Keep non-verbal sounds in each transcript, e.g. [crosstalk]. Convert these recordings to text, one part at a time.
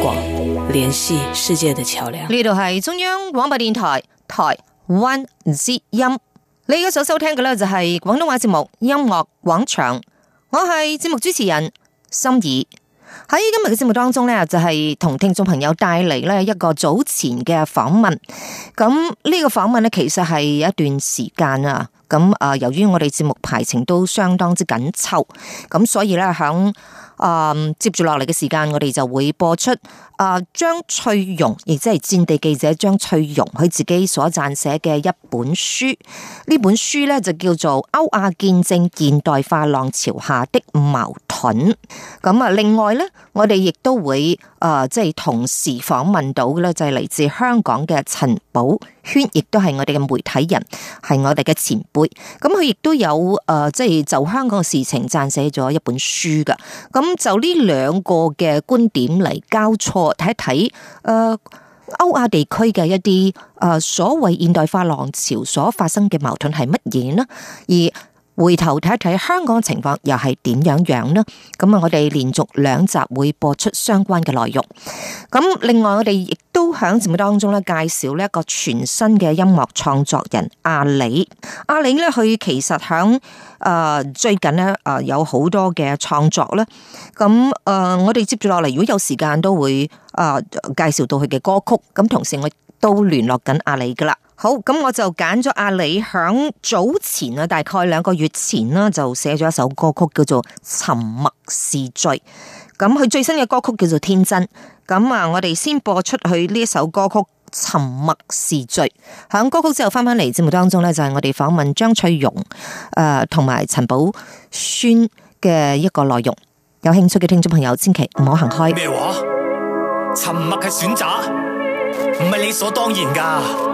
廣聯繫世界的橋梁。呢度係中央廣播電台台灣之音。你而家所收聽嘅呢，就係廣東話節目《音樂廣場》，我係節目主持人心儀。喺今日嘅節目當中呢就係、是、同聽眾朋友帶嚟呢一個早前嘅訪問。咁、這、呢個訪問呢，其實係一段時間啊。咁啊，由於我哋節目排程都相當之緊湊，咁所以咧響啊接住落嚟嘅時間，我哋就會播出啊呃、張翠容，亦即係戰地記者張翠容，佢自己所撰寫嘅一本書。呢本書咧就叫做《歐亞見證現代化浪潮下的矛盾》。咁啊，另外咧，我哋亦都會。啊、呃，即係同時訪問到咧，就係、是、嚟自香港嘅陳寶珣，亦都係我哋嘅媒體人，係我哋嘅前輩。咁佢亦都有啊、呃，即係就香港嘅事情撰寫咗一本書噶。咁、嗯、就呢兩個嘅觀點嚟交錯睇一睇，誒、呃、歐亞地區嘅一啲誒、呃、所謂現代化浪潮所發生嘅矛盾係乜嘢呢？而回頭睇一睇香港嘅情況又係點樣樣呢？咁啊，我哋連續兩集會播出相關嘅內容。咁另外，我哋亦都響節目當中咧介紹呢一個全新嘅音樂創作人阿李。阿李咧，佢其實響誒、呃、最近咧誒、呃、有好多嘅創作啦。咁誒、呃，我哋接住落嚟，如果有時間都會誒、呃、介紹到佢嘅歌曲。咁同時，我都聯絡緊阿李噶啦。好，咁我就揀咗阿李響早前啊，大概兩個月前啦，就寫咗一首歌曲叫做《沉默是罪》。咁佢最新嘅歌曲叫做《天真》。咁啊，我哋先播出去呢一首歌曲《沉默是罪》。響歌曲之後翻返嚟節目當中呢，就係、是、我哋訪問張翠容誒同埋陳寶珣嘅一個內容。有興趣嘅聽眾朋友，千祈唔好行開。咩話？沉默係選擇，唔係理所當然噶。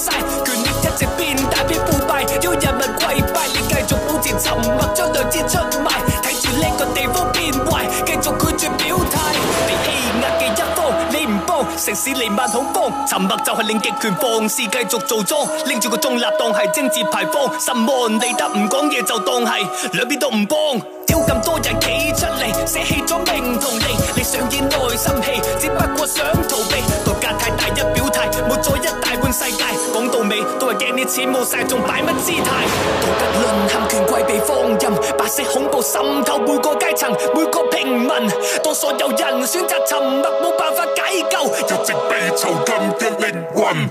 勢權力一直變大變腐敗，要人民跪拜，你繼續保持沉默，將良知出賣，睇住呢個地方變壞，繼續拒絕表態。被欺壓嘅一方，你唔幫，城市瀰漫恐慌，沉默就係令極權放肆繼續做莊，拎住個中立當係政治牌坊，心安理得，唔講嘢就當係兩邊都唔幫。屌咁多人企出嚟，捨棄咗名同利，你上演內心戲，只不過想逃避。活咗一大半世界，講到尾都係驚啲錢冇晒。仲擺乜姿態？道德淪陷權，權貴被放任，白色恐怖滲透每個階層，每個平民。當所有人選擇沉默，冇辦法解救，一直被囚禁嘅靈魂。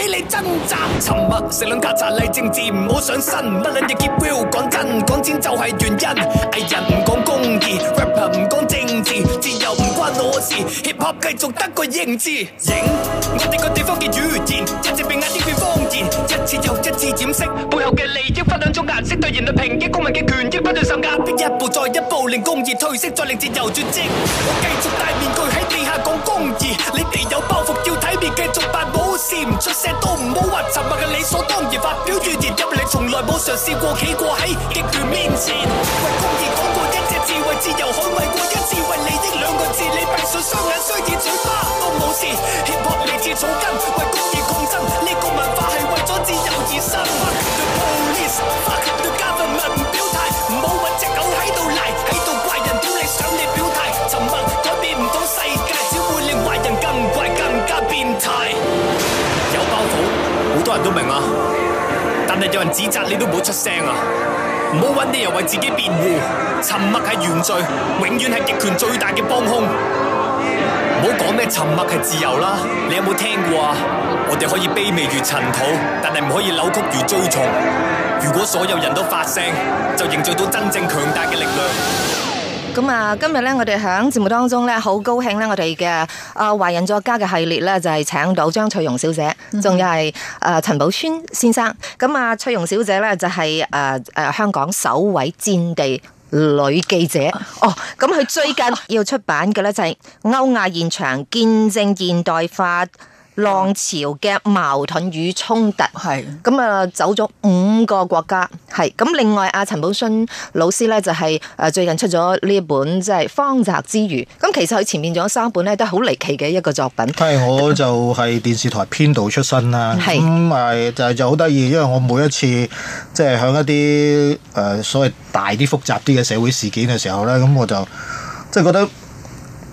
俾你掙扎，沉默食兩卡茶，勵政治唔好上身。乜撚嘢結尾？講真，講錢就係原因。藝人唔講公義，rapper 唔講政治，自由唔關我事。hiphop 繼續得個認字。影我哋個地方嘅語言，一直被壓得變方言。一次又一次染色，背後嘅利益分兩種顏色，對人類抨擊，公民嘅權益不斷受壓迫。一步再一步，令公義褪色，再令自由絕跡。我繼續戴面具喺。冇嘗試過企過喺極權面前，為公義講過一隻字，為自由好衞過一字，為利益兩個字，你閉上雙眼，衰，見嘴巴都冇事。血脈嚟自草根，為公義抗爭，呢個文化係為咗自由而生。對 police，對加憤勿唔表態，唔好揾隻狗喺度賴，喺度怪人屌。你想你表態，沉默改變唔到世界，只會令壞人更壞，更加變態。有包袱，好多人都明啊。有人指責你都唔好出聲啊！唔好揾啲人為自己辯護，沉默係原罪，永遠係極權最大嘅幫凶。唔好講咩沉默係自由啦，你有冇聽過啊？我哋可以卑微如塵土，但係唔可以扭曲如蛆蟲。如果所有人都發聲，就營造到真正強大嘅力量。咁啊，今日咧，我哋喺節目當中咧，好高興咧，我哋嘅啊華人作家嘅系列咧，就係請到張翠容小姐，仲、mm hmm. 有係誒陳寶村先生。咁啊，翠容小姐咧就係誒誒香港首位戰地女記者。 [laughs] 哦，咁佢最近要出版嘅咧就係《歐亞現場見證現代化》。浪潮嘅矛盾與衝突，係咁啊，走咗五個國家，係咁、嗯。另外，阿陳寶珣老師咧就係誒，最近出咗呢一本即係、就是《荒澤之魚》。咁、嗯、其實佢前面仲有三本咧都係好離奇嘅一個作品。係，我就係電視台編導出身啦。係咁的，係、嗯、就係就好得意，因為我每一次即係響一啲誒、呃、所謂大啲、複雜啲嘅社會事件嘅時候咧，咁我就即係、就是、覺得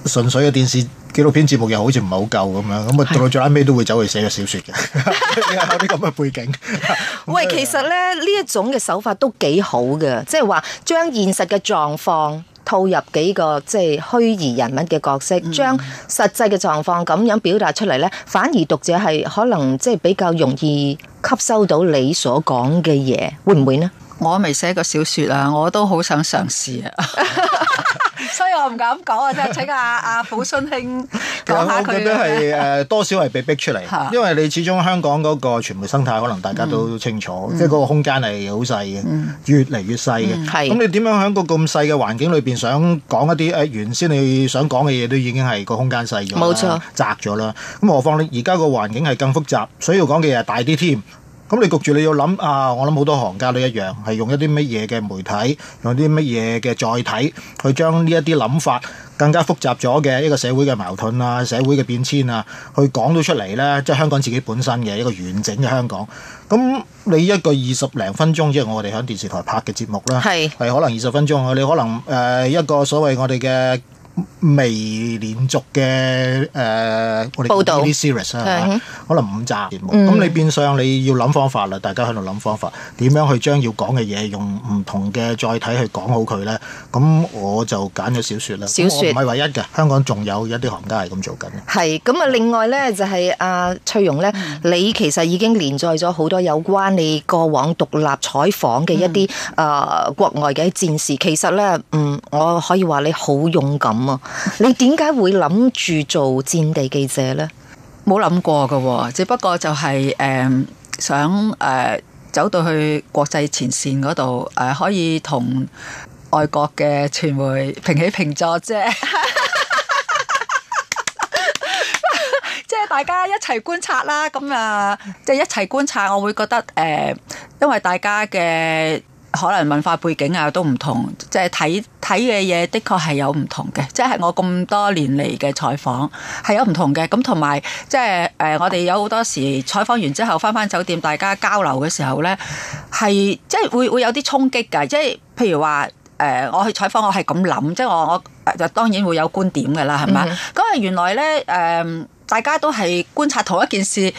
純粹嘅電視。紀錄片節目又好似唔係好夠咁樣，咁啊，到到最後尾都會走去寫個小説嘅，有啲咁嘅背景。 [laughs] 喂， [laughs] 其實咧呢 [laughs] 一種嘅手法都幾好嘅，即係話將現實嘅狀況套入幾個即係、就是、虛擬人物嘅角色，嗯、將實際嘅狀況咁樣表達出嚟咧，反而讀者係可能即係比較容易吸收到你所講嘅嘢，會唔會呢？我未寫過小説啊，我都好想嘗試啊。 [laughs] 所以我唔敢講啊！即係請阿阿寶珣兄講下佢。其實我覺得係、呃、多少係被逼出嚟， [laughs] 因為你始終香港嗰個傳媒生態可能大家都清楚，嗯、即係嗰個空間係好細嘅，嗯、越嚟越細嘅。咁、嗯、你點樣喺個咁細嘅環境裏邊想講一啲誒、呃、原先你想講嘅嘢都已經係個空間細咗冇錯，錯窄咗啦。咁何況你而家個環境係更複雜，所以要講嘅嘢大啲添。咁你焗住你要諗啊！我諗好多行家都一樣，係用一啲乜嘢嘅媒體，用啲乜嘢嘅載體，去將呢一啲諗法更加複雜咗嘅一個社會嘅矛盾啊、社會嘅變遷啊，去講到出嚟呢。即係香港自己本身嘅一個完整嘅香港。咁你一個二十零分鐘即係我哋喺電視台拍嘅節目啦，係是可能二十分鐘，你可能誒、呃、一個所謂我哋嘅。未連續嘅誒，我哋呢啲報道，可能五集節目，咁、嗯、你變相你要諗方法啦，大家喺度諗方法，點樣去將要講嘅嘢用唔同嘅載體去講好佢呢？咁我就揀咗小説啦，小説唔係唯一嘅，香港仲有一啲行家係咁做緊。係咁啊！另外呢，就係、是、阿、啊、翠容呢，你其實已經連載咗好多有關你過往獨立採訪嘅一啲啊、嗯呃、國外嘅戰事。其實呢，嗯，我可以話你好勇敢。 [noise] 你點解會諗住做戰地記者呢？冇諗過嘅，只不過就係、是、誒、嗯、想誒、嗯、走到去國際前線嗰度誒，可以同外國嘅傳媒平起平坐啫。即係大家一齊觀察啦，咁啊，即係一齊觀察，我會覺得誒、嗯，因為大家嘅可能文化背景啊都唔同，即係睇。睇嘅嘢，的，的確係有唔同嘅，即係我咁多年嚟嘅採訪係有唔同嘅。咁同埋即係誒，我哋有好多時採訪完之後翻翻酒店，大家交流嘅時候呢，係即係會會有啲衝擊嘅。即係譬如話誒，我去採訪我，我係咁諗，即係我我就當然會有觀點嘅啦，係咪？咁啊、mm，hmm. 原來呢，誒、呃，大家都係觀察同一件事。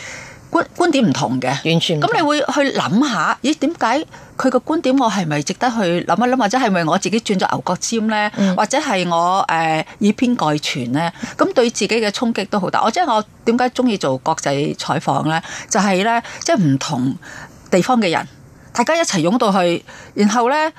觀觀點唔同嘅，完全咁你會去諗下，咦？點解佢個觀點我係咪值得去諗一諗，或者係咪我自己轉咗牛角尖咧？嗯、或者係我誒、呃、以偏概全咧？咁對自己嘅衝擊都好大。我即係、就是、我點解中意做國際採訪咧？就係、是、咧，即係唔同地方嘅人，大家一齊湧到去，然後咧，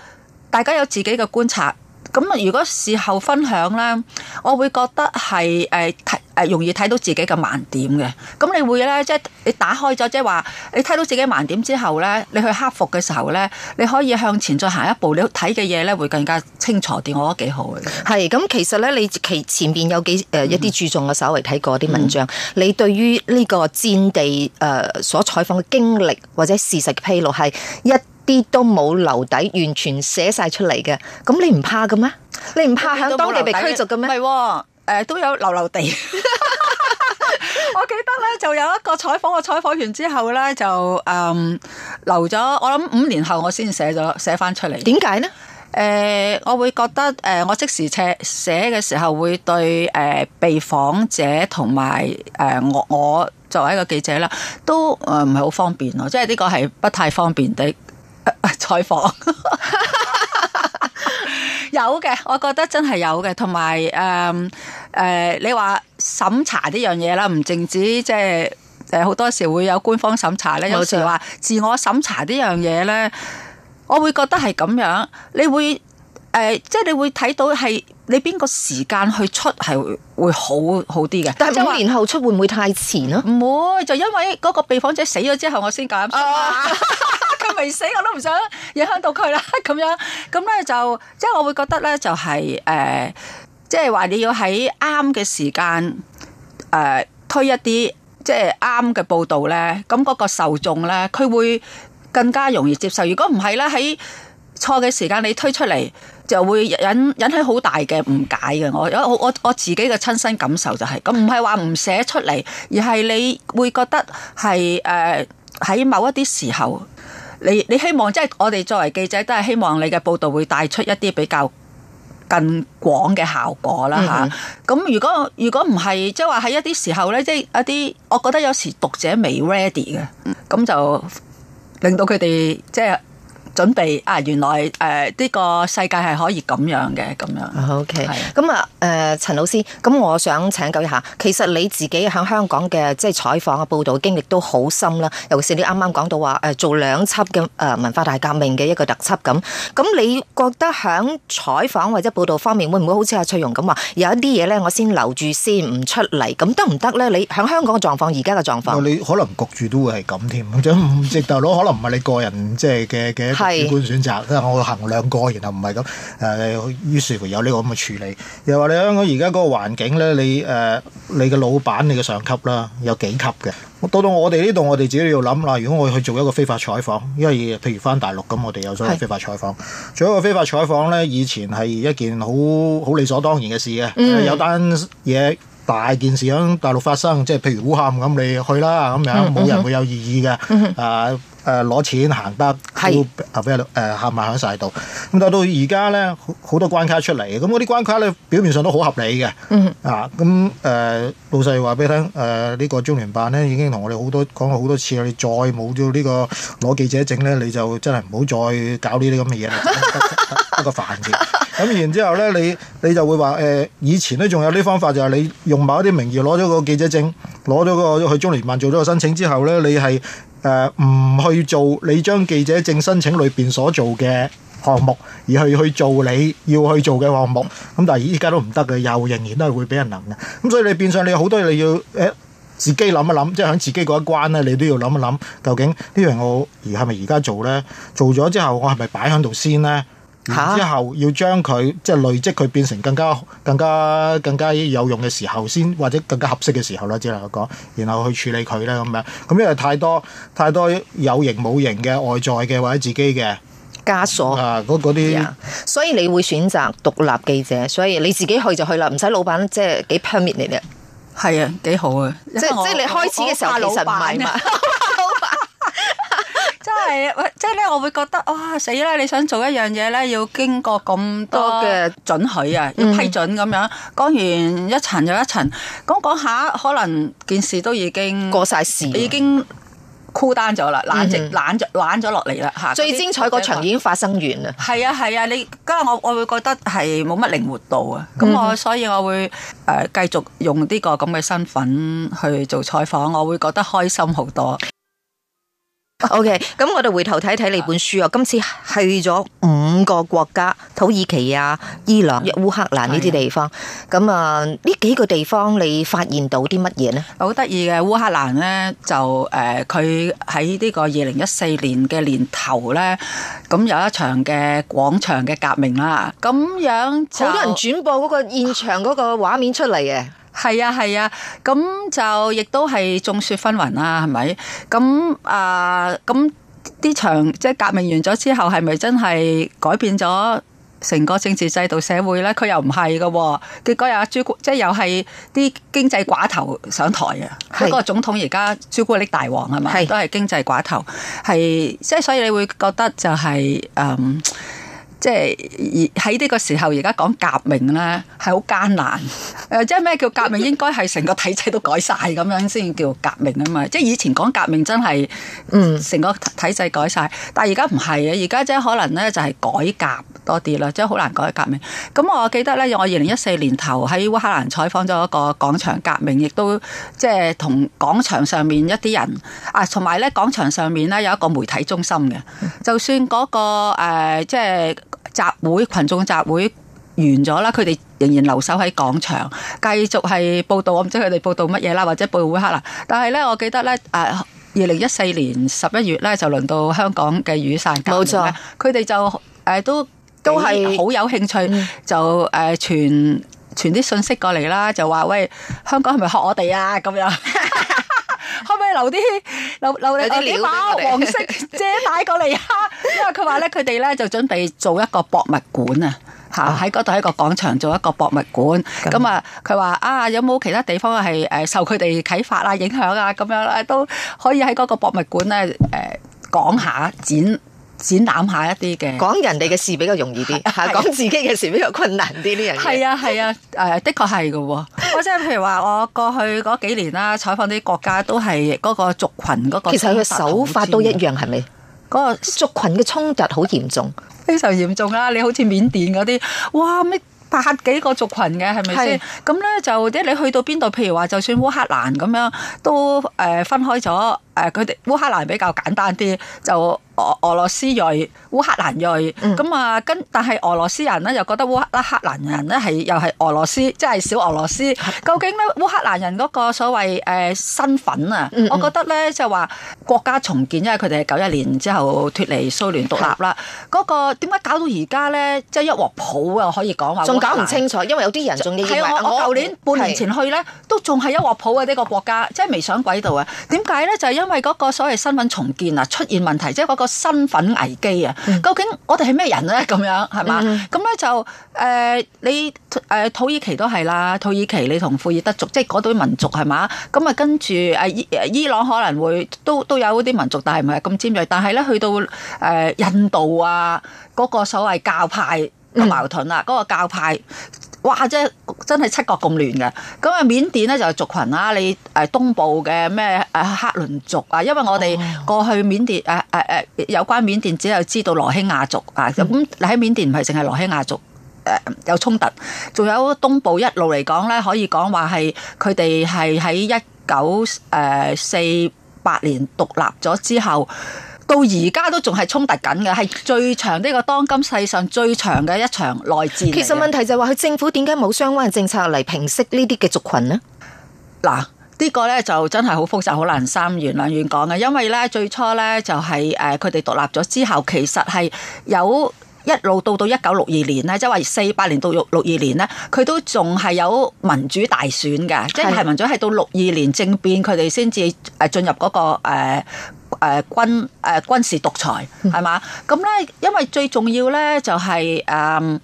大家有自己嘅觀察，咁如果事後分享咧，我會覺得係誒提。呃係容易睇到自己嘅盲點嘅，咁你會咧，即係你打開咗，即係話你睇到自己盲點之後咧，你去克服嘅時候咧，你可以向前再行一步，你睇嘅嘢咧會更加清楚啲，我覺得幾好嘅。係咁，其實咧，你其前邊有幾誒、呃、一啲注重嘅，稍微睇過啲文章，嗯嗯、你對於呢個戰地誒所採訪嘅經歷或者事實嘅披露，係一啲都冇留底，完全寫晒出嚟嘅。咁你唔怕嘅咩？你唔怕響當地被驅逐嘅咩？嗯嗯誒、呃、都有留留地， [laughs] [laughs] 我記得咧就有一個採訪，我採訪完之後咧就誒、嗯、留咗，我諗五年後我先寫咗寫翻出嚟。點解呢？誒、呃，我會覺得誒、呃，我即時寫寫嘅時候會對誒、呃、被訪者同埋誒我我作為一個記者啦，都誒唔係好方便咯，即係呢個係不太方便的、呃呃、採訪。 [laughs] 有嘅，我覺得真係有嘅，同埋誒誒，你話審查呢樣嘢啦，唔淨止即係誒好多時候會有官方審查咧，有時話、啊、自我審查呢樣嘢咧，我會覺得係咁樣，你會誒，即、呃、係、就是、你會睇到係你邊個時間去出係會好好啲嘅。但係五年後出會唔會太遲啊？唔會，就因為嗰個被訪者死咗之後我，我先講。 [laughs] 未死我都唔想影響到佢啦，咁樣咁咧就即係我會覺得咧、就是，就係誒，即係話你要喺啱嘅時間誒、呃、推一啲即係啱嘅報道咧，咁嗰個受眾咧，佢會更加容易接受。如果唔係咧，喺錯嘅時間你推出嚟，就會引引起好大嘅誤解嘅。我有我我自己嘅親身感受就係、是、咁，唔係話唔寫出嚟，而係你會覺得係誒喺某一啲時候。你你希望即係、就是、我哋作為記者都係希望你嘅報導會帶出一啲比較更廣嘅效果啦嚇。咁、嗯啊、如果如果唔係，即係話喺一啲時候咧，即、就、係、是、一啲我覺得有時讀者未 ready 嘅，咁、嗯、就令到佢哋即係。就是準備啊！原來誒呢個世界係可以咁樣嘅咁樣。O K，咁啊誒，陳老師，咁我想請教一下，其實你自己喺香港嘅即係採訪啊、報導經歷都好深啦。尤其是你啱啱講到話誒做兩輯嘅誒文化大革命嘅一個特輯咁，咁你覺得喺採訪或者報導方面，會唔會好似阿翠容咁話有一啲嘢咧，我先留住先唔出嚟咁得唔得咧？你喺香港嘅狀況，而家嘅狀況，你可能焗住都會係咁添，即係大佬可能唔係你個人即係嘅嘅。主觀是選擇，即係我衡量過，然後唔係咁誒，呃、於是乎有呢個咁嘅處理。又話你香港而家嗰個環境咧，你誒你嘅老闆、你嘅上級啦，有幾級嘅？到到我哋呢度，我哋自己要諗啦、呃。如果我去做一個非法採訪，因為譬如返大陸咁，我哋有咗非法採訪。是做一個非法採訪咧，以前係一件好好理所當然嘅事嘅。嗯、有單嘢大件事喺大陸發生，即係譬如烏坎咁，你去啦咁樣，冇人會有異議嘅。啊！誒攞、呃、錢行得，後屘誒埋響晒度。咁但是、啊、到而家咧，好多關卡出嚟，咁嗰啲關卡咧，表面上都好合理嘅。嗯、啊，咁、嗯、誒老細話俾你聽，誒、呃、呢、這個中聯辦咧已經同我哋好多講好多次啦。你再冇咗呢個攞記者證咧，你就真係唔好再搞呢啲咁嘅嘢啦，一個煩字。咁、啊、然之後咧，你你就會話誒、呃，以前咧仲有啲方法，就係你用某一啲名義攞咗個記者證，攞咗個去中聯辦做咗個申請之後咧，你係。你誒唔、呃、去做你將記者證申請裏邊所做嘅項目，而去去做你要去做嘅項目，咁但係依家都唔得嘅，又仍然都係會俾人諗嘅。咁、嗯、所以你變相你好多嘢你要誒、欸、自己諗一諗，即係喺自己過一關咧，你都要諗一諗，究竟是是呢樣我而係咪而家做咧？做咗之後我是是，我係咪擺喺度先咧？之後要將佢、啊、即係累積佢變成更加更加更加有用嘅時候先，或者更加合適嘅時候啦，只能講，然後去處理佢啦。咁樣。咁因為太多太多有形冇形嘅外在嘅或者自己嘅枷鎖嗰啲。索啊 yeah。所以你會選擇獨立記者，所以你自己去就去啦，唔使老闆即係幾 permit 嚟嘅。係啊，幾好啊！即即係你開始嘅時候老其實唔係嘛。 [laughs] [laughs] 真係，喂，即係咧，我會覺得哇，死啦！你想做一樣嘢咧，要經過咁多嘅准許啊，要批准咁樣，講完一層又一層，咁講下可能件事都已經過晒時，已經 cool down 咗啦，冷即冷咗冷咗落嚟啦，最精彩嗰場已經發生完啦。係啊係啊，你，咁我我會覺得係冇乜靈活度啊，咁我、嗯嗯、所以我會誒繼續用呢、這個咁嘅身份去做採訪，我會覺得開心好多。O K，咁我哋回頭睇睇，你本書啊，今次去咗五個國家，土耳其啊、伊朗、烏克蘭呢啲地方，咁啊呢幾個地方你發現到啲乜嘢呢？好得意嘅，烏克蘭呢，就誒佢喺呢個二零一四年嘅年頭呢，咁有一場嘅廣場嘅革命啦，咁樣好多人轉播嗰個現場嗰個畫面出嚟嘅。係啊係啊，咁就亦都係眾說紛紜啊，係咪？咁啊，咁呢場即係革命完咗之後，係咪真係改變咗成個政治制度社會咧？佢又唔係噶，結果又阿朱古即係又係啲經濟寡頭上台啊！係個總統而家朱古力大王係嘛，是 都係經濟寡頭，係即係所以你會覺得就係嗯。即係喺呢個時候，而家講革命咧係好艱難。誒，即係咩叫革命？應該係成個體制都改晒咁樣先叫革命啊嘛。即係以前講革命真係，嗯，成個體制改晒，但係而家唔係啊，而家即係可能咧就係改革多啲啦。即係好難改。革命。咁我記得咧，我二零一四年頭喺烏克蘭採訪咗一個廣場革命，亦都即係同廣場上面一啲人啊，同埋咧廣場上面咧有一個媒體中心嘅。就算嗰、嗰個、呃、即係。集會群眾集會完咗啦，佢哋仍然留守喺廣場，繼續係報道。我唔知佢哋報道乜嘢啦，或者報道會黑啦。但係咧，我記得咧，誒，二零一四年十一月咧，就輪到香港嘅雨傘革命啦。冇錯，佢哋錯就誒、呃、都都係好有興趣，你就誒傳傳啲信息過嚟啦，就話喂，香港係咪學我哋啊？咁 [laughs] 樣 [laughs] 可唔可以留啲留留你哋啲帽、些黃色遮帶過嚟？ [laughs] 因為佢話咧，佢哋咧就準備做一個博物館啊，吓，喺嗰度一個廣場做一個博物館。咁啊，佢話啊，有冇其他地方係誒受佢哋啟發啊、影響啊咁樣咧，都可以喺嗰個博物館咧誒講下展展覽下一啲嘅。講人哋嘅事比較容易啲，吓講自己嘅事比較困難啲。呢人係啊係啊，誒的確係噶。我即係譬如話，我過去嗰幾年啦，採訪啲國家都係嗰個族群嗰個，其實佢手法都一樣，係咪？嗰個族群嘅衝突好嚴重，非常嚴重啊！你好似緬甸嗰啲，哇咩百幾個族群嘅，係咪先？咁咧是就即係你去到邊度，譬如話就算烏克蘭咁樣，都誒、呃、分開咗。誒，佢哋烏克蘭比較簡單啲，就俄俄羅斯裔、烏克蘭裔。咁啊，跟但係俄羅斯人咧，又覺得烏克蘭人咧係又係俄羅斯，即係小俄羅斯。究竟咧烏克蘭人嗰個所謂誒身份啊？我覺得咧就話國家重建，因為佢哋係九一年之後脫離蘇聯獨立啦。嗰個點解搞到而家咧，即係一鑊泡啊？我可以講話仲搞唔清楚，因為有啲人仲係我舊年半年前去咧，都仲係一鑊泡嘅呢個國家，即係未上軌道啊？點解咧？就係因因為嗰個所謂身份重建啊，出現問題，即係嗰個身份危機啊。嗯、究竟我哋係咩人咧？咁樣係嘛？咁咧、嗯、就誒、呃，你誒、呃，土耳其都係啦，土耳其你同庫爾德族，即係嗰堆民族係嘛？咁、嗯、啊，跟住誒，伊朗可能會都都有嗰啲民族，但係唔係咁尖銳。但係咧，去到誒、呃、印度啊，嗰、嗰個所謂教派矛盾啦，嗰個教派。嗯哇！即真係七國咁亂嘅。咁啊，緬甸咧就係族群啦。你誒東部嘅咩誒克倫族啊，因為我哋過去緬甸誒誒誒有關緬甸，只有知道羅興亞族啊。咁你喺、嗯、緬甸唔係淨係羅興亞族誒、啊、有衝突，仲有東部一路嚟講咧，可以講話係佢哋係喺一九誒四八年獨立咗之後。到而家都仲係衝突緊嘅，係最長呢個當今世上最長嘅一場內戰。其實問題就係話佢政府點解冇相關嘅政策嚟平息呢啲嘅族群呢？嗱，呢個呢就真係好複雜，好難三言兩語講嘅，因為呢最初呢就係誒佢哋獨立咗之後，其實係有一路到到一九六二年咧，即係四八年到六二年呢，佢都仲係有民主大選嘅，的即係民主係到六二年政變佢哋先至誒進入嗰個、呃誒、呃、軍誒、呃、軍事獨裁係嘛？咁咧， [noise] 因為最重要咧就係誒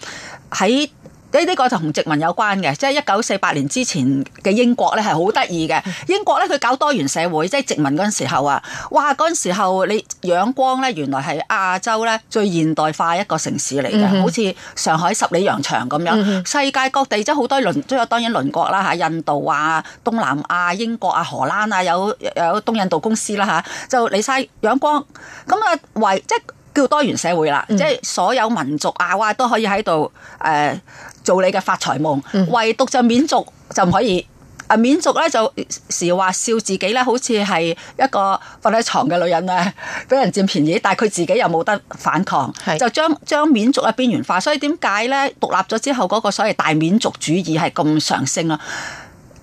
喺。呃呢啲個同殖民有關嘅，即係一九四八年之前嘅英國咧係好得意嘅。英國咧佢搞多元社會，即係殖民嗰陣時候啊，哇！嗰陣時候你仰光咧，原來係亞洲咧最現代化一個城市嚟嘅，mm hmm. 好似上海十里洋場咁樣。Mm hmm. 世界各地即係好多鄰，都有當然鄰國啦嚇，印度啊、東南亞、英國啊、荷蘭啊，有有東印度公司啦吓，就你晒仰光咁啊，為即係叫多元社會啦，即係、mm hmm. 所有民族啊，哇都可以喺度誒。呃做你嘅發財夢，唯獨就緬族就唔可以。啊、嗯，緬族咧就時話笑自己咧，好似係一個瞓喺床嘅女人啊，俾人佔便宜，但係佢自己又冇得反抗，是就將將緬族啊邊緣化。所以點解咧獨立咗之後嗰、那個所謂大緬族主義係咁上升啊？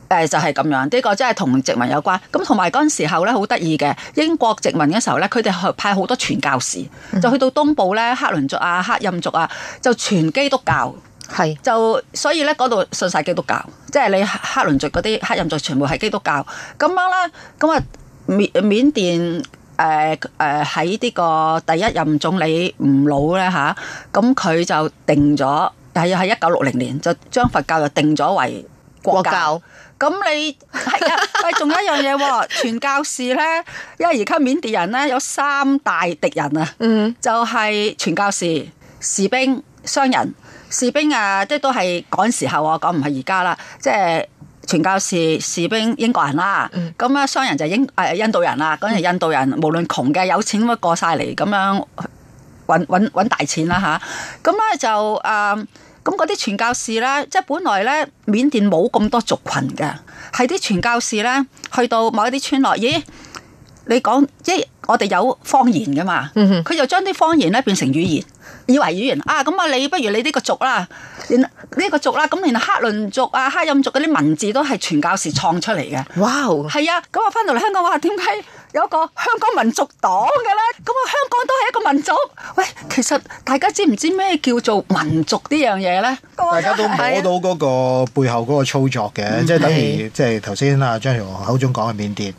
誒、呃，就係、是、咁樣。呢、這個真係同殖民有關。咁同埋嗰陣時候咧，好得意嘅英國殖民嘅時候咧，佢哋係派好多傳教士，嗯、就去到東部咧，克倫族啊、黑印族、族啊，就傳基督教。係是就所以咧，嗰度信晒基督教，即係你克倫族嗰啲克倫族全部係基督教。咁樣咧，咁啊緬緬甸誒誒喺呢個第一任總理吳老咧吓，咁、啊、佢就定咗，係喺一九六零年就將佛教又定咗為國,國教。咁你係啊？喂，仲有一樣嘢喎， [laughs] 傳教士咧，因為而家緬甸人咧有三大敵人啊，嗯，就係傳教士、士兵、商人。士兵啊，即都係趕時候我講唔係而家啦。即傳教士士兵英國人啦、啊，咁咧商人就英誒、啊、印度人啦、啊。嗰陣印度人無論窮嘅有錢都過晒嚟，咁樣揾揾揾大錢啦、啊、吓，咁、啊、咧就誒，咁嗰啲傳教士咧，即本來咧緬甸冇咁多族群嘅，係啲傳教士咧去到某一啲村落，咦？你講即係我哋有方言嘅嘛，佢就將啲方言咧變成語言，以為語言啊咁啊你不如你呢個族啦，呢個族啦，咁原來克倫族啊、克欽族嗰啲文字都係傳教士創出嚟嘅。哇！係啊，咁啊翻到嚟香港話點解有個香港民族黨嘅咧？咁啊香港都係一個民族。喂，其實大家知唔知咩叫做民族呢樣嘢咧？大家都摸到嗰個背後嗰個操作嘅，即係等於即係頭先啊張翠容口中講嘅緬甸。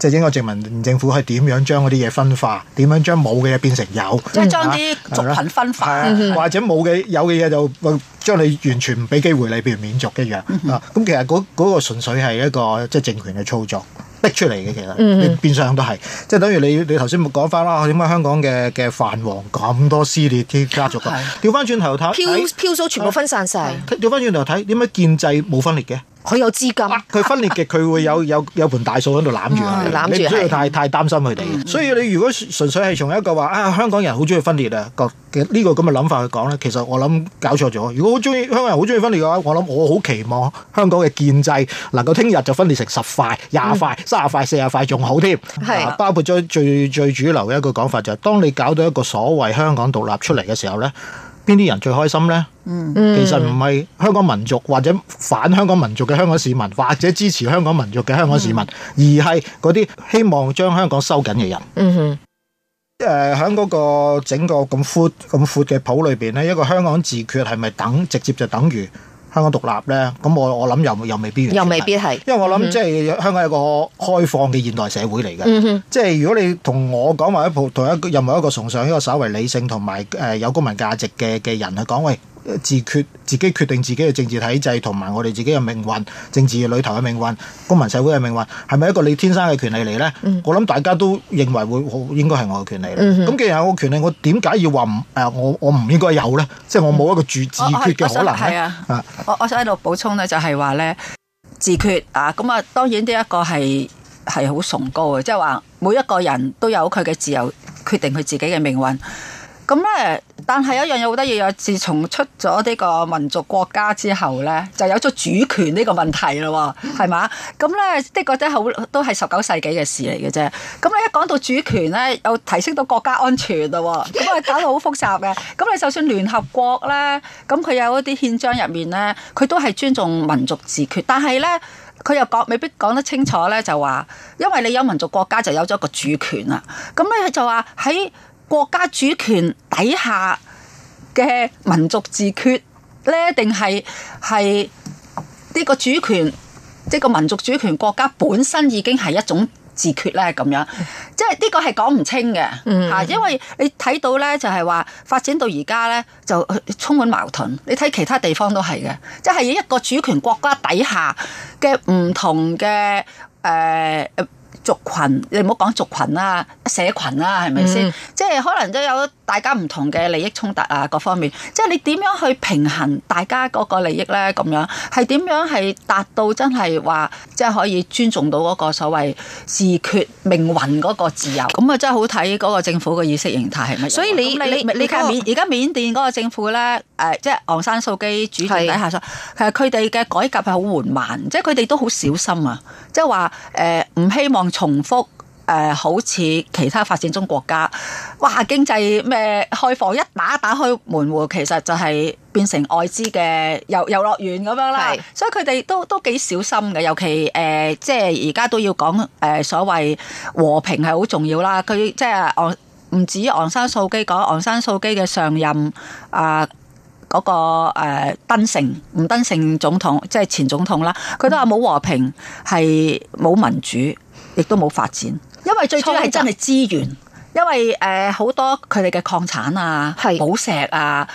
即係英國殖民政府係點樣將嗰啲嘢分化？點樣將冇嘅嘢變成有？即係、嗯啊、將啲族群分化，啊嗯嗯、或者冇嘅、有嘅嘢就將你完全唔俾機會你，譬如緬族一樣。咁、嗯嗯啊、其實嗰嗰個純粹係一個即係、就是、政權嘅操作逼出嚟嘅，其實變相都係、嗯嗯、即係等於你你頭先講翻啦，點解香港嘅嘅泛黃咁多撕裂啲家族嘅？調翻轉頭睇票票數全部分散曬，調翻轉頭睇點解建制冇分裂嘅？佢有資金，佢 [laughs] 分裂嘅，佢會有有有盤大數喺度攬住啊！嗯、你唔需要太、嗯、太，太擔心佢哋。嗯、所以你如果純粹係從一個話啊，香港人好中意分裂啊，呢、呢個咁嘅諗法去講呢？其實我諗搞錯咗。如果好中意香港人好中意分裂嘅話，我諗我好期望香港嘅建制能夠聽日就分裂成十塊、廿塊、三十、嗯、塊、四十塊仲好添、嗯啊。包括咗最最主流嘅一個講法就係、係，當你搞到一個所謂香港獨立出嚟嘅時候呢。呢啲人最開心呢，嗯，其實唔係香港民族或者反香港民族嘅香港市民，或者支持香港民族嘅香港市民，而係嗰啲希望將香港收緊嘅人。嗯哼，誒、呃，喺嗰個整個咁闊咁闊嘅譜裏邊咧，一個香港自決係咪等直接就等於？香港獨立咧，咁我我諗又又未必完全，又未必係，因為我諗即係香港係一個開放嘅現代社會嚟嘅，嗯、哼即係如果你同我講話一部同一任何一個崇尚一個稍微理性同埋誒有公民價值嘅嘅人去講喂。自決自己決定自己嘅政治體制同埋我哋自己嘅命運，政治嘅裏頭嘅命運，公民社會嘅命運，係咪一個你天生嘅權利嚟呢？嗯、我諗大家都認為會，應該我應該係我嘅權利。咁、嗯、既然係我嘅權利，我點解要話誒，我我唔應該有呢？嗯、即係我冇一個主自決嘅可能呢？係啊，我我想喺度補充呢，就係話呢，自決啊，咁啊，當然呢一個係係好崇高嘅，即係話每一個人都有佢嘅自由，決定佢自己嘅命運。咁咧，但係有一樣嘢好得意，有自從出咗呢個民族國家之後咧，就有咗主，主權呢個問題咯，係嘛？咁咧，的確真係好，都係十九世紀嘅事嚟嘅啫。咁你一講到主權咧，又提升到國家安全咯，咁啊搞到好複雜嘅。咁你就算聯合國咧，咁佢有一啲憲章入面咧，佢都係尊重民族自決，但係咧，佢又講未必講得清楚咧，就話因為你有民族國家就有咗一個主權啦。咁咧，佢就話喺。國家主權底下嘅民族自決呢定係係呢個主權，即係個民族主權國家本身已經係一種自決呢咁樣，即係呢個係講唔清嘅，吓、嗯嗯，因為你睇到呢，就係話發展到而家呢，就充滿矛盾，你睇其他地方都係嘅，即係一個主權國家底下嘅唔同嘅誒。呃族群，你唔好講族群啦，社群啦，係咪先？嗯、即係可能都有。大家唔同嘅利益衝突啊，各方面，即係你點樣去平衡大家嗰個利益咧？咁樣係點樣係達到真係話，即、就、係、是、可以尊重到嗰個所謂自決命運嗰個自由？咁啊以，真係好睇嗰個政府嘅意識形態係乜嘢？所以你你你而家、那個、緬，緬甸嗰個政府咧，誒、呃，即係昂山素姬主席底下，是其實佢哋嘅改革係好緩慢，即係佢哋都好小心啊，即係話誒唔希望重複，重複。誒、呃、好似其他發展中國家，哇！經濟咩開放一打一打開門戶，其實就係變成外資嘅遊遊樂園咁樣啦。啊、所以佢哋都都幾小心嘅，尤其誒、呃、即係而家都要講誒、呃、所謂和平係好重要啦。佢即係昂唔止昂山素姬講，昂山素姬嘅上任啊嗰、呃那個誒、呃、登城吳登盛總統即係前總統啦，佢都話冇和平係冇民主，亦都冇發展。因為最主要係真係資源，因為誒好、呃、多佢哋嘅礦產啊、寶是石啊、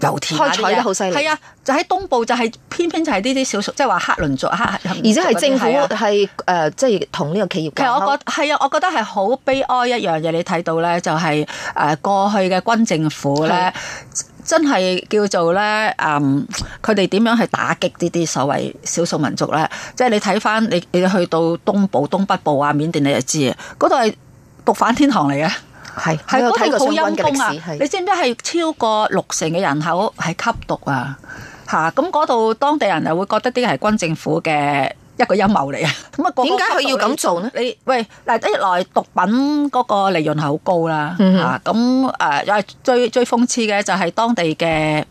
油田、啊、開採得好犀利，係啊，就喺東部就係偏偏就係呢啲少數，即係話黑輪族黑族而且係政府係誒，即係同呢個企業。其實我覺係啊，我覺得係好悲哀一樣嘢，你睇到咧就係、是、誒過去嘅軍政府咧。真係叫做咧，嗯，佢哋點樣去打擊呢啲所謂少數民族咧？即係你睇翻你，你去到東部、東北部啊，緬甸你就知啊，嗰度係毒販天堂嚟嘅，係喺嗰度好陰功啊！是你知唔知係超過六成嘅人口係吸毒啊？嚇！咁嗰度當地人又會覺得啲係軍政府嘅。一個陰謀嚟啊！點解佢要咁做咧？你喂嗱，一來毒品嗰個利潤係好高啦，吓咁誒，又係、啊啊、最最諷刺嘅就係當地嘅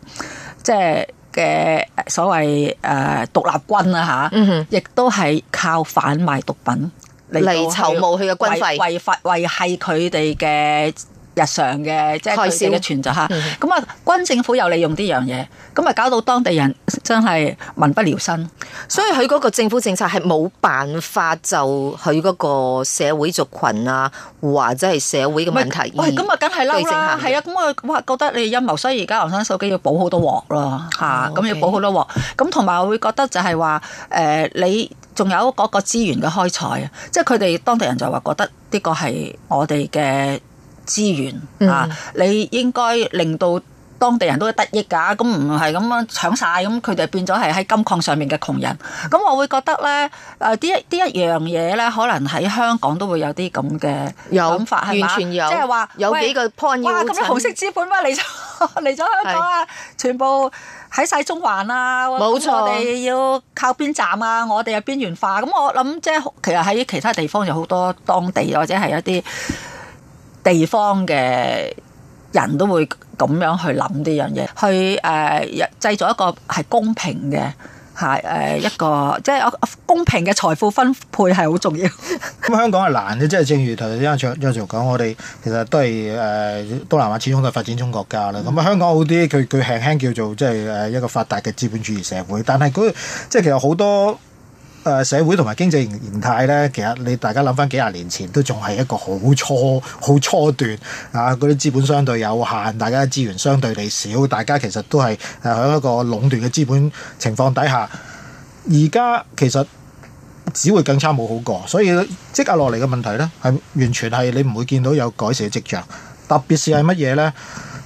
即係嘅所謂誒獨立軍啦吓，亦都係靠販賣毒品嚟籌募佢嘅軍費，維法維繫佢哋嘅。日常嘅，即係佢哋嘅存在吓，咁啊，嗯、軍政府又利用呢樣嘢，咁啊搞到當地人真係民不聊生。啊、所以佢嗰個政府政策係冇辦法就佢嗰個社會族群啊，或者係社會嘅問題、哎。喂，咁啊，梗係啦，係啊，咁我覺得你陰謀，所以而家昂山素姬要補好多鑊咯，吓、啊，咁、啊哦、要補好多鑊，咁同埋我會覺得就係話，誒、呃，你仲有嗰個資源嘅開採啊，即係佢哋當地人就話覺得呢個係我哋嘅。資源、嗯、啊，你應該令到當地人都得益㗎，咁唔係咁樣搶晒，咁佢哋變咗係喺金礦上面嘅窮人。咁我會覺得咧，誒、呃、啲一啲一樣嘢咧，可能喺香港都會有啲咁嘅諗法，係嘛？即係話有幾個 point 哇！咁樣紅色資本咩、啊？嚟咗嚟咗香港啊？全部喺曬中環啊！冇錯我哋要靠邊站啊？我哋又邊緣化咁？我諗即係其實喺其他地方有好多當地或者係一啲地方嘅人都會咁樣去諗呢樣嘢，去誒、呃、製造一個係公平嘅係誒一個，即係公平嘅財富分配係好重要、嗯。咁 [laughs] 香港係難嘅，即係正如頭先阿張張卓講，我哋其實都係誒、呃、東南亞始終都係發展中國家啦。咁啊、嗯、香港好啲，佢佢輕輕叫做即係誒一個發達嘅資本主義社會，但係佢即係其實好多。誒社會同埋經濟形態呢，其實你大家諗翻幾廿年前都仲係一個好初好初段啊！嗰啲資本相對有限，大家資源相對地少，大家其實都係誒喺一個壟斷嘅資本情況底下。而家其實只會更差冇好過，所以積壓落嚟嘅問題呢，係完全係你唔會見到有改善嘅跡象。特別是係乜嘢呢？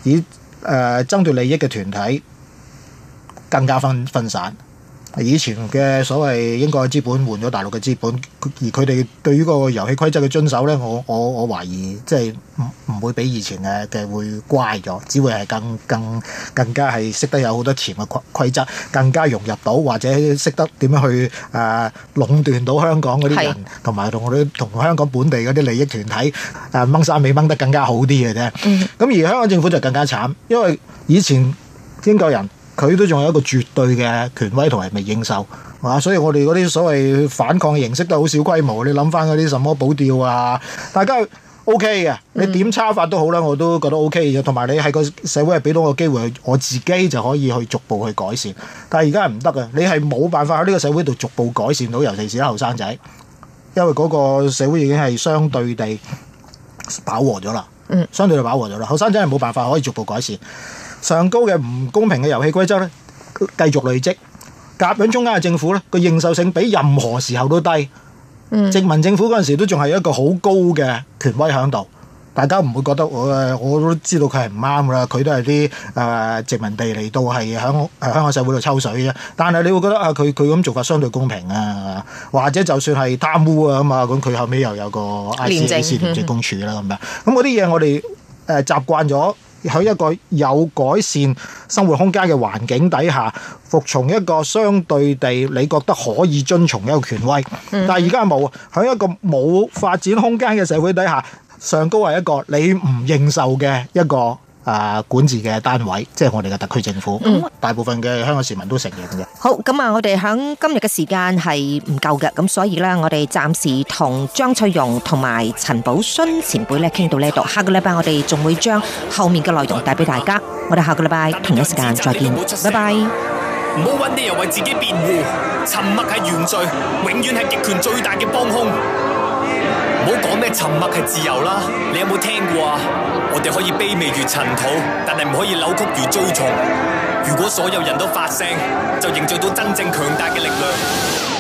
以誒、呃、爭奪利益嘅團體更加分分散。以前嘅所謂英國嘅資本換咗大陸嘅資本，而佢哋對於嗰個遊戲規則嘅遵守咧，我我我懷疑即係唔唔會比以前誒嘅會乖咗，只會係更更更加係識得有好多潛嘅規規則，更加融入到或者識得點樣去誒、呃、壟斷到香港嗰啲人，同埋同嗰啲同香港本地嗰啲利益團體誒掹、呃、三尾掹得更加好啲嘅啫。咁、嗯、而香港政府就更加慘，因為以前英國人。佢都仲有一個絕對嘅權威同埋未認受，啊！所以我哋嗰啲所謂反抗嘅形式都好少規模。你諗翻嗰啲什麼保釣啊，大家 OK 嘅。你點抄法都好啦，我都覺得 OK 嘅。同埋你喺個社會係俾到我個機會，我自己就可以去逐步去改善。但係而家係唔得嘅，你係冇辦法喺呢個社會度逐步改善到，尤其是啲後生仔，因為嗰個社會已經係相對地飽和咗啦。嗯，相對地飽和咗啦。後生仔係冇辦法可以逐步改善。上高嘅唔公平嘅遊戲規則呢，繼續累積，夾喺中間嘅政府，呢個認受性比任何時候都低。嗯、殖民政府嗰陣時都仲係一個好高嘅權威喺度，大家唔會覺得我、哎、我都知道佢係唔啱噶啦，佢都係啲誒殖民地嚟到係喺香，香港社會度抽水啫。但係你會覺得啊，佢佢咁做法相對公平啊，或者就算係貪污啊咁、嗯嗯、啊，咁佢後尾又有個 ICAC 廉政公署啦咁樣。咁嗰啲嘢我哋誒、呃、習慣咗。喺一個有改善生活空間嘅環境底下，服從一個相對地你覺得可以遵從一個權威，但係而家冇。喺一個冇發展空間嘅社會底下，上高係一個你唔認受嘅一個。啊！管治嘅單位，即係我哋嘅特區政府，大部分嘅香港市民都承認嘅。好，咁啊，我哋響今日嘅時間係唔夠嘅，咁所以呢，我哋暫時同張翠容同埋陳寶珣前輩咧傾到呢一度。下個禮拜我哋仲會將後面嘅內容帶俾大家。我哋下個禮拜同一時間再見，拜拜。唔好搵理由為自己辯護，沉默係原罪，永遠係極權最大嘅幫凶。唔好講咩沉默係自由啦，你有冇聽過啊？我哋可以卑微如塵土，但係唔可以扭曲如蛆蟲。如果所有人都發聲，就凝聚到真正強大嘅力量。